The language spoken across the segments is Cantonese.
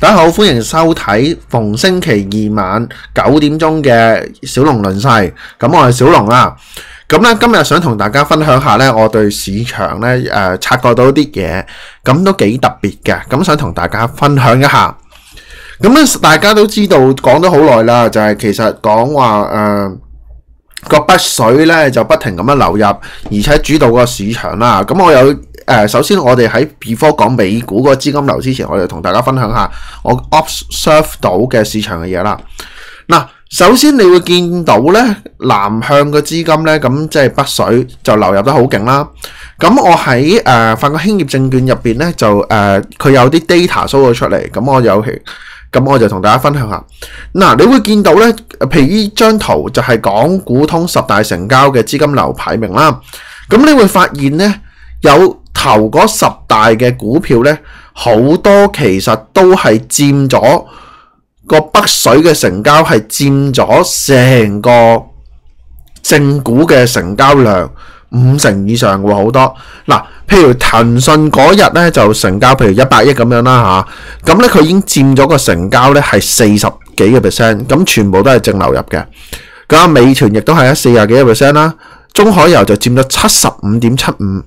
大家好，歡迎收睇逢星期二晚九點鐘嘅小龍論勢》。咁我係小龍啦，咁咧今日想同大家分享一下咧，我對市場咧誒、呃、察覺到啲嘢，咁都幾特別嘅，咁想同大家分享一下。咁咧大家都知道講咗好耐啦，就係、是、其實講話誒。呃個北水咧就不停咁樣流入，而且主導個市場啦。咁我有誒、呃，首先我哋喺 before 講美股個資金流之前，我哋同大家分享下我 observe 到嘅市場嘅嘢啦。嗱、呃，首先你會見到咧南向嘅資金咧，咁即係北水就流入得好勁啦。咁我喺誒法國興業證券入面咧就誒，佢、呃、有啲 data show 咗出嚟，咁我有去。咁我就同大家分享下，嗱、啊，你會見到咧，譬如呢張圖就係港股通十大成交嘅資金流排名啦。咁你會發現咧，有頭嗰十大嘅股票咧，好多其實都係佔咗個北水嘅成交，係佔咗成個正股嘅成交量。五成以上喎，好多嗱，譬如騰訊嗰日咧就成交，譬如一百億咁樣啦吓，咁咧佢已經佔咗個成交咧係四十幾個 percent，咁全部都係淨流入嘅。咁啊，美團亦都係啊，四十幾個 percent 啦，中海油就佔咗七十五點七五，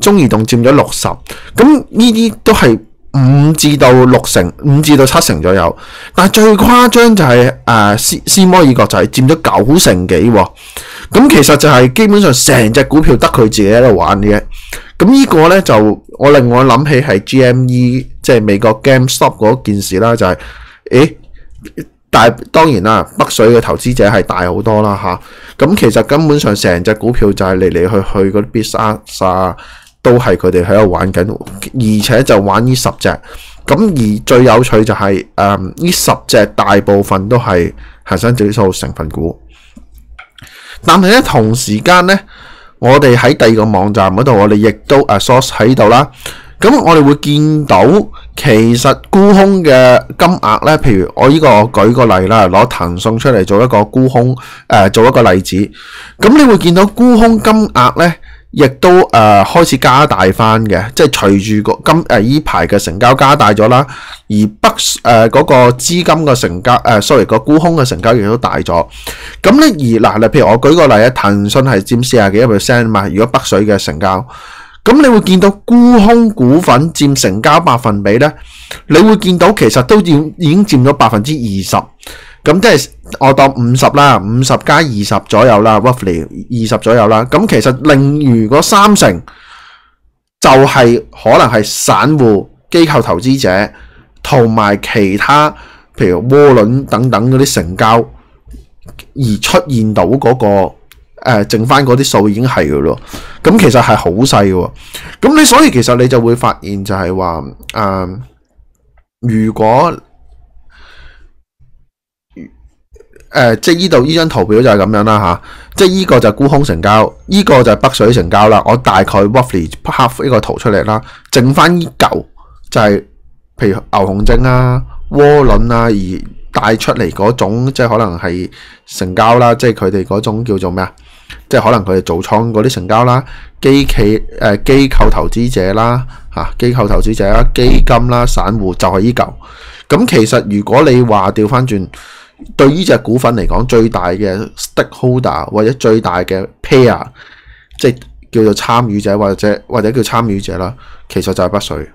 中移動佔咗六十，咁呢啲都係。五至到六成，五至到七成左右。但係最誇張就係誒思摩爾國就係佔咗九成幾，咁、嗯、其實就係基本上成隻股票得佢自己喺度玩嘅。咁、嗯、呢、呢個呢，就我另外諗起係 GME，即係美國 GameStop 嗰件事啦，就係誒但當然啦，北水嘅投資者係大好多啦嚇。咁、啊嗯、其實根本上成隻股票就係嚟嚟去去嗰啲必殺殺。都係佢哋喺度玩緊，而且就玩呢十隻，咁而最有趣就係誒呢十隻大部分都係恆生指數成分股，但係咧同時間咧，我哋喺第二個網站嗰度，我哋亦都啊 source 喺度啦，咁我哋會見到其實沽空嘅金額咧，譬如我呢個我舉個例啦，攞騰訊出嚟做一個沽空誒、呃、做一個例子，咁你會見到沽空金額咧。亦都誒、呃、開始加大翻嘅，即係隨住個今誒呢、呃、排嘅成交加大咗啦，而北誒嗰、呃那個資金嘅成交誒、呃、，sorry 個沽空嘅成交亦都大咗。咁咧而嗱，例、呃、如我舉個例啊，騰訊係佔四十幾 percent 啊嘛。如果北水嘅成交，咁你會見到沽空股份佔成交百分比咧，你會見到其實都已經佔咗百分之二十。咁即係我當五十啦，五十加二十左右啦，roughly 二十左右啦。咁其實另餘嗰三成就係可能係散戶、機構投資者同埋其他，譬如窩輪等等嗰啲成交而出現到嗰、嗰個誒、呃，剩翻嗰啲數已經係㗎咯。咁其實係好細嘅。咁你所以其實你就會發現就係話，誒、呃，如果。誒、呃，即係呢度呢張圖表就係咁樣啦吓、啊，即係呢個就係沽空成交，呢、這個就係北水成交啦、啊。我大概 roughly 畫呢個圖出嚟啦，剩翻呢嚿就係、是，譬如牛熊證啊、窩輪啊而帶出嚟嗰種，即係可能係成交啦，即係佢哋嗰種叫做咩啊，即係可能佢哋做倉嗰啲成交啦，機構誒、呃、機構投資者啦，吓、啊、機構投資者啦，基金啦、啊，散戶就係呢嚿。咁、啊、其實如果你話調翻轉。對呢隻股份嚟講，最大嘅 stakeholder 或者最大嘅 player，即係叫做參與者或者或者叫參與者啦，其實就係北水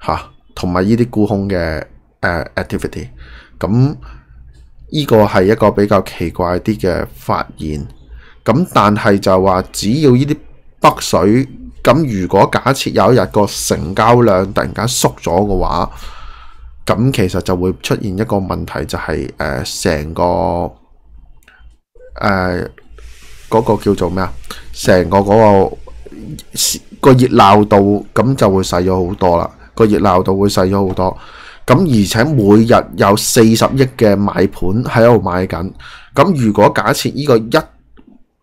吓，同埋呢啲沽空嘅誒 activity。咁、這、呢個係一個比較奇怪啲嘅發現。咁但係就話，只要呢啲北水，咁如果假設有一日，這個成交量突然間縮咗嘅話，咁其實就會出現一個問題，就係誒成個誒嗰個叫做咩啊？成個嗰個個熱鬧度，咁就會細咗好多啦。個熱鬧度會細咗好多。咁而且每日有四十億嘅買盤喺度買緊。咁如果假設呢個一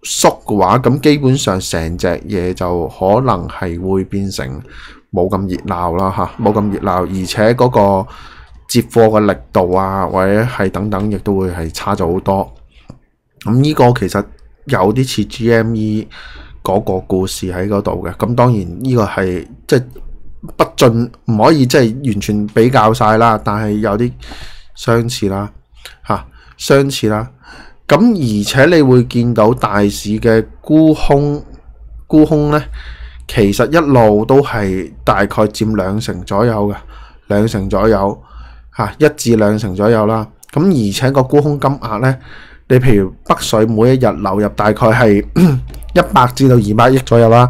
縮嘅話，咁基本上成隻嘢就可能係會變成冇咁熱鬧啦，吓冇咁熱鬧，而且嗰個，接貨嘅力度啊，或者係等等，亦都會係差咗好多。咁呢個其實有啲似 GME 嗰個故事喺嗰度嘅。咁當然呢個係即係不盡，唔可以即係完全比較晒啦。但係有啲相似啦，嚇、啊、相似啦。咁而且你會見到大市嘅沽空沽空咧，其實一路都係大概佔兩成左右嘅，兩成左右。吓，一至兩成左右啦，咁而且個沽空金額呢，你譬如北水每一日流入大概係一百至到二百億左右啦，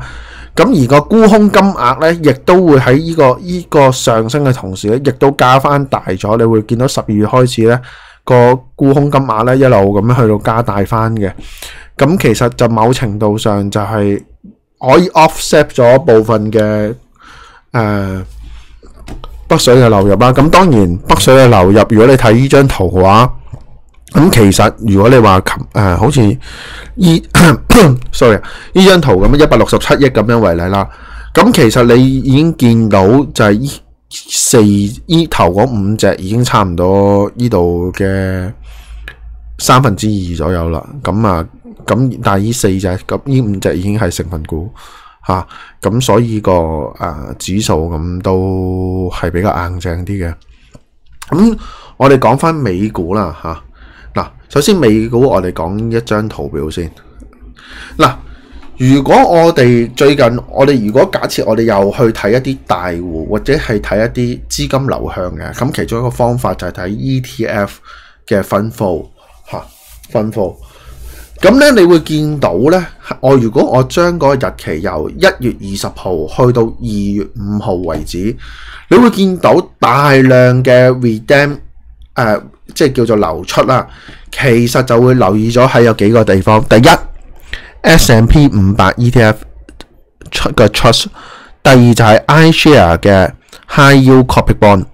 咁而個沽空金額呢，亦都會喺呢個呢個上升嘅同時呢，亦都加翻大咗。你會見到十二月開始呢個沽空金額呢，一路咁樣去到加大翻嘅，咁其實就某程度上就係可以 offset 咗部分嘅誒。呃北水嘅流入啦，咁當然北水嘅流入，如果你睇依張圖嘅話，咁其實如果你話琴誒好似依，sorry 啊，依張圖咁樣一百六十七億咁樣為例啦，咁其實你已經見到就係依四依頭嗰五隻已經差唔多依度嘅三分之二左右啦，咁啊咁但係依四隻咁呢五隻已經係成分股。吓，咁、啊、所以個誒、啊、指數咁都係比較硬淨啲嘅。咁我哋講翻美股啦，吓、啊、嗱，首先美股我哋講一張圖表先。嗱、啊，如果我哋最近我哋如果假設我哋又去睇一啲大戶或者係睇一啲資金流向嘅，咁其中一個方法就係睇 ETF 嘅分佈吓、啊、分佈。咁咧，你會見到咧，我如果我將個日期由一月二十號去到二月五號為止，你會見到大量嘅 redem，誒，即係叫做流出啦。其實就會留意咗喺有幾個地方，第一，S&P 五百 ETF 出嘅 trust，第二就係 iShares 嘅 High Yield Corporate Bond，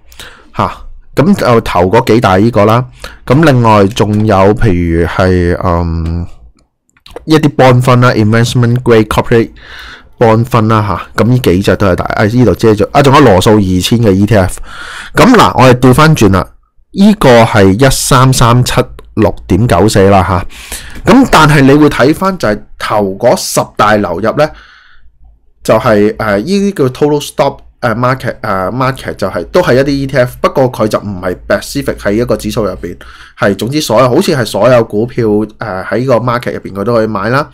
嚇，咁就頭嗰幾大呢個啦。咁另外仲有譬如係嗯。一啲 bond fund 啦，investment grade corporate bond fund 啦吓，咁呢幾隻都係大。呢、啊、度遮咗，啊仲有羅素二千嘅 ETF。咁、啊、嗱，我哋調翻轉啦，呢、這個係一三三七六點九四啦吓。咁但係你會睇翻就係頭嗰十大流入咧，就係呢啲叫 total stop。誒、uh,，market 誒、uh,，market 就係、是、都係一啲 E T F，不過佢就唔係 s p e c i f i c 喺一個指數入邊，係總之所有好似係所有股票誒喺個 market 入邊佢都可以買啦。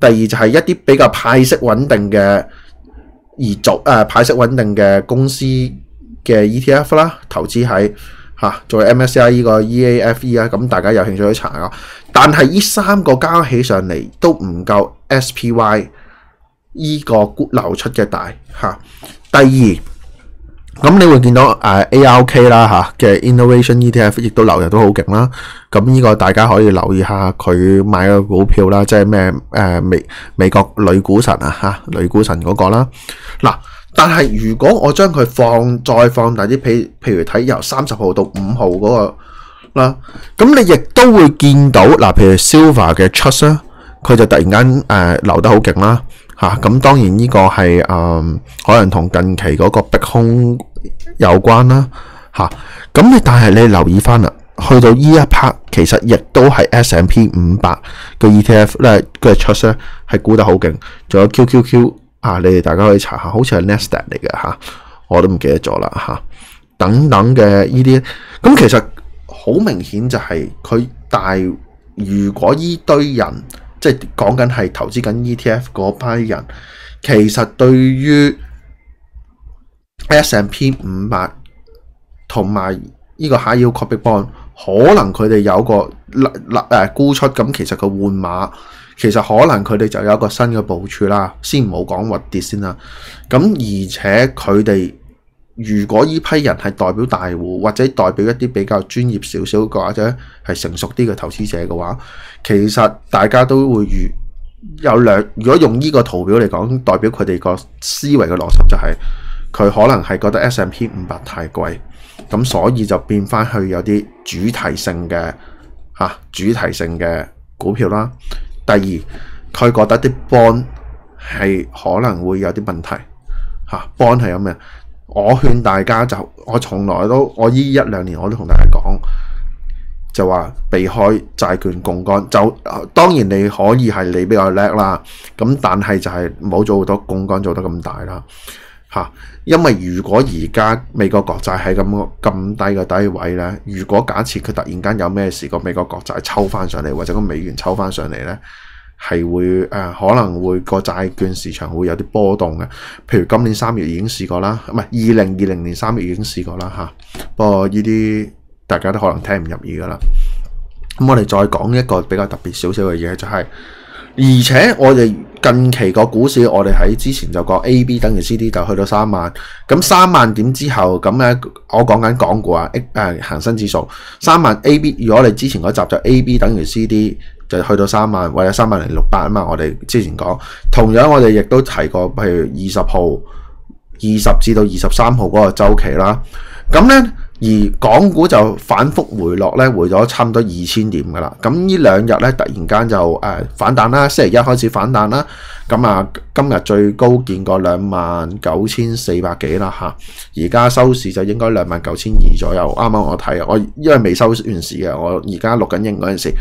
第二就係一啲比較派息穩定嘅而做誒、啊、派息穩定嘅公司嘅 E T F 啦，投資喺吓做 M S C I 呢個 E A F E 啊，咁大家有興趣去查啦。但係呢三個加起上嚟都唔夠 S P Y 呢個流出嘅大吓。啊第二，咁你會見到誒 ARK 啦吓嘅 Innovation ETF 亦都流入都好勁啦。咁呢個大家可以留意下佢買嘅股票啦，即係咩誒美美國女股神啊吓女股神嗰個啦。嗱，但係如果我將佢放再放大啲，譬譬如睇由三十號到五號嗰個啦，咁你亦都會見到嗱，譬如 Silver 嘅 Trust，佢就突然間誒流得好勁啦。吓，咁、啊、當然呢個係誒、嗯，可能同近期嗰個逼空有關啦。咁、啊、你但係你留意翻啦，去到呢一 part 其實亦都係 S&P 五百個 ETF 咧、呃，個出 h o 咧係沽得好勁，仲有 QQQ 啊，你哋大家可以查下，好似係 Nasdaq 嚟嘅、啊、我都唔記得咗啦等等嘅呢啲，咁其實好明顯就係佢大，如果呢堆人。即係講緊係投資緊 ETF 嗰班人，其實對於 S&P 五百同埋呢個下腰 Corporate Bond，可能佢哋有個立立沽出，咁其實個換碼，其實可能佢哋就有一個新嘅部署啦。先唔好講滑跌先啦，咁而且佢哋。如果呢批人係代表大戶，或者代表一啲比較專業少少，或者係成熟啲嘅投資者嘅話，其實大家都會遇有兩。如果用呢個圖表嚟講，代表佢哋個思維嘅邏輯就係、是、佢可能係覺得 S&P 五百太貴，咁所以就變翻去有啲主題性嘅、啊、主題性嘅股票啦。第二佢覺得啲 bond 係可能會有啲問題嚇 bond 係咁嘅。啊。我勸大家就我從來都，我依一兩年我都同大家講，就話避開債券槓桿，就當然你可以係你比較叻啦咁，但係就係冇做好多槓桿做得咁大啦吓，因為如果而家美國國債喺咁咁低嘅低位呢，如果假設佢突然間有咩事，個美國國債抽翻上嚟，或者個美元抽翻上嚟呢。係會誒、呃，可能會個債券市場會有啲波動嘅，譬如今年三月已經試過啦，唔係二零二零年三月已經試過啦吓。不過呢啲大家都可能聽唔入耳噶啦。咁我哋再講一個比較特別少少嘅嘢，就係而且我哋近期個股市，我哋喺之前就講 A B 等於 C D 就去到三萬，咁三萬點之後，咁咧我講緊港股啊，誒恒生指數三萬 A B，如果你之前嗰集就 A B 等於 C D。就去到三萬或者三萬零六百啊嘛，我哋之前講，同樣我哋亦都提過，譬如二十號二十至到二十三號嗰個週期啦。咁呢，而港股就反覆回落呢回咗差唔多二千點噶啦。咁呢兩日呢，突然間就、呃、反彈啦，星期一開始反彈啦。咁啊，今日最高見過兩萬九千四百幾啦嚇，啊、而家收市就應該兩萬九千二左右。啱啱我睇，我因為未收完市嘅，我而家錄緊音嗰陣時。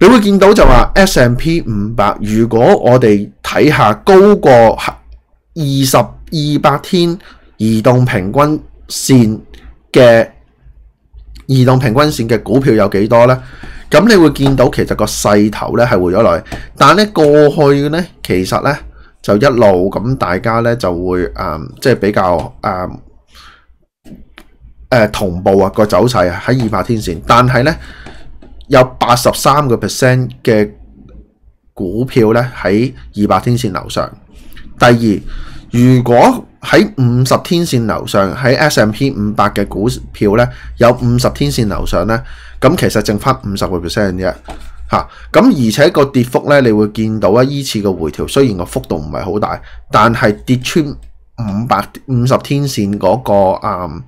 你會見到就話 S&P 五百，如果我哋睇下高過二十二百天移動平均線嘅移動平均線嘅股票有幾多呢？咁你會見到其實個勢頭呢係回咗來，但係呢過去呢其實呢就一路咁大家呢就會誒即係比較誒誒、嗯呃、同步啊個走勢啊喺二百天線，但係呢有八十三個 percent 嘅股票咧喺二百天線樓上。第二，如果喺五十天線樓上喺 S&P 五百嘅股票咧，有五十天線樓上咧，咁其實淨翻五十個 percent 啫。嚇，咁、啊、而且個跌幅咧，你會見到啊，依次個回調雖然個幅度唔係好大，但係跌穿五百五十天線嗰、那個啊。嗯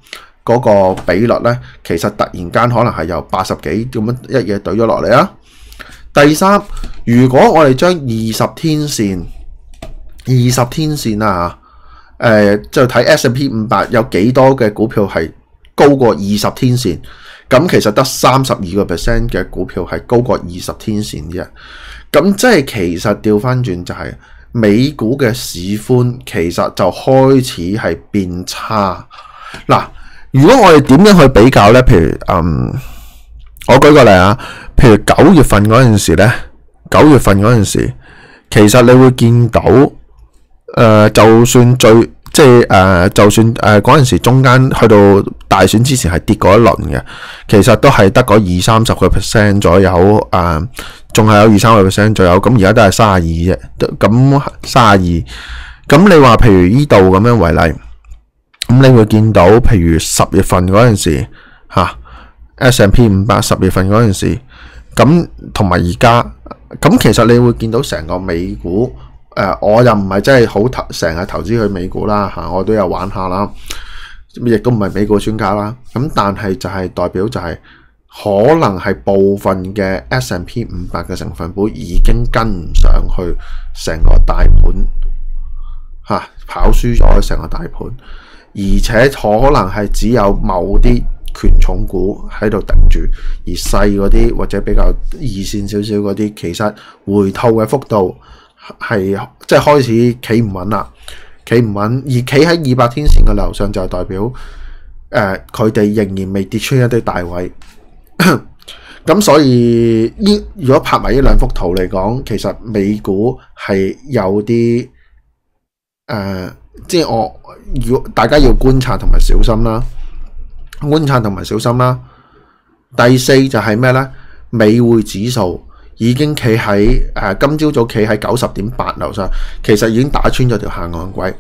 嗰個比率咧，其實突然間可能係由八十幾咁樣一嘢懟咗落嚟啊。第三，如果我哋將二十天線，二十天線啦吓，就睇 S&P 五百有幾多嘅股票係高過二十天線，咁、啊呃、其實得三十二個 percent 嘅股票係高過二十天線啫。咁即係其實調翻轉就係、是、美股嘅市寬，其實就開始係變差嗱。如果我哋點樣去比較呢？譬如，嗯，我舉個例啊，譬如九月份嗰陣時呢。九月份嗰陣時，其實你會見到，誒、呃，就算最，即係誒、呃，就算誒嗰陣時中間去到大選之前係跌過一輪嘅，其實都係得嗰二三十個 percent 左右，誒、呃，仲係有二三十個 percent 左右，咁而家都係三十二啫，咁三十二，咁你話譬如呢度咁樣為例。咁你會見到，譬如十月份嗰陣時，嚇 S&P 五百十月份嗰陣時，咁同埋而家咁，其實你會見到成個美股誒，我又唔係真係好投成日投資去美股啦嚇，我都有玩下啦，亦都唔係美股專家啦。咁但係就係代表就係可能係部分嘅 S&P 五百嘅成分股已經跟唔上去成個大盤嚇，跑輸咗成個大盤。而且可能係只有某啲權重股喺度頂住，而細嗰啲或者比較二線少少嗰啲，其實回吐嘅幅度係即係開始企唔穩啦，企唔穩，而企喺二百天線嘅樓上就代表誒佢哋仍然未跌出一啲大位，咁 所以如果拍埋呢兩幅圖嚟講，其實美股係有啲誒。呃.即係我，如果大家要觀察同埋小心啦，觀察同埋小心啦。第四就係咩呢？美匯指數已經企喺誒，今朝早企喺九十點八樓上，其實已經打穿咗條下岸軌。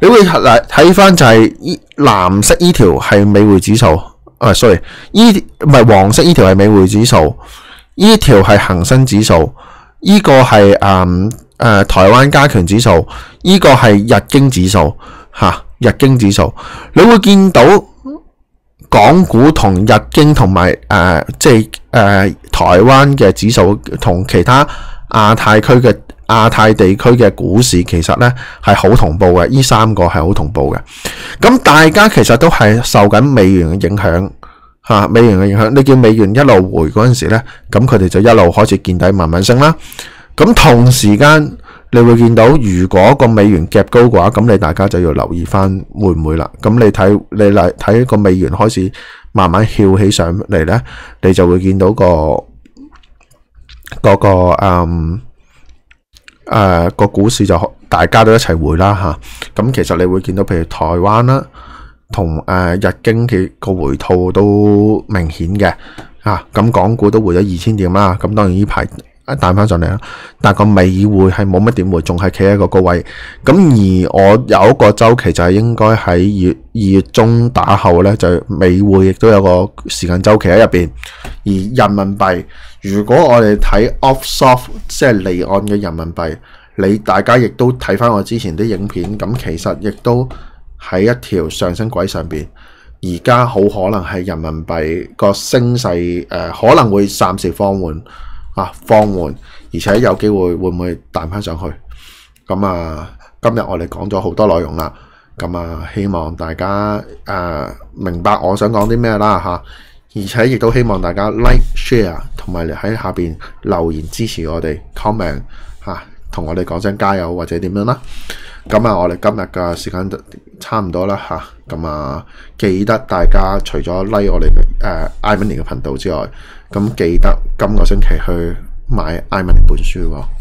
你會睇翻就係依藍色依條係美匯指數，啊，sorry，依條唔係黃色依條係美匯指數，依條係恒生指數，依、依個係嗯。誒、呃，台灣加權指數呢，這個係日經指數吓，日經指數你會見到港股同日經同埋誒，即係誒、呃、台灣嘅指數同其他亞太區嘅亞太地區嘅股市，其實呢係好同步嘅，呢三個係好同步嘅。咁大家其實都係受緊美元嘅影響吓，美元嘅影響，你叫美元一路回嗰陣時呢，咁佢哋就一路開始見底慢慢升啦。咁同時間，你會見到，如果個美元夾高嘅話，咁你大家就要留意返會唔會啦。咁你睇你嚟睇個美元開始慢慢翹起上嚟咧，你就會見到個嗰個嗯誒個股市就大家都一齊回啦嚇。咁其實你會見到，譬如台灣啦，同誒日經嘅個回吐都明顯嘅啊。咁港股都回咗二千點啦。咁當然呢排。彈翻上嚟啦！但個美匯係冇乜點會，仲係企喺個高位。咁而我有一個週期就係應該喺二月二月中打後呢，就美匯亦都有個時間週期喺入面。而人民幣，如果我哋睇 offshore 即係離岸嘅人民幣，你大家亦都睇翻我之前啲影片，咁其實亦都喺一條上升軌上面。而家好可能係人民幣個升勢誒、呃，可能會暫時放緩。啊，放緩，而且有機會會唔會彈翻上去？咁啊，今日我哋講咗好多內容啦，咁啊，希望大家、啊、明白我想講啲咩啦嚇、啊，而且亦都希望大家 like share 同埋喺下面留言支持我哋 comment 嚇同、啊、我哋講聲加油或者點樣啦。咁啊，我哋今日嘅時間差唔多啦吓，咁啊，啊，記得大家除咗 like 我哋、啊、iMoney 嘅頻道之外，咁、啊、記得今個星期去買 iMoney 本書喎。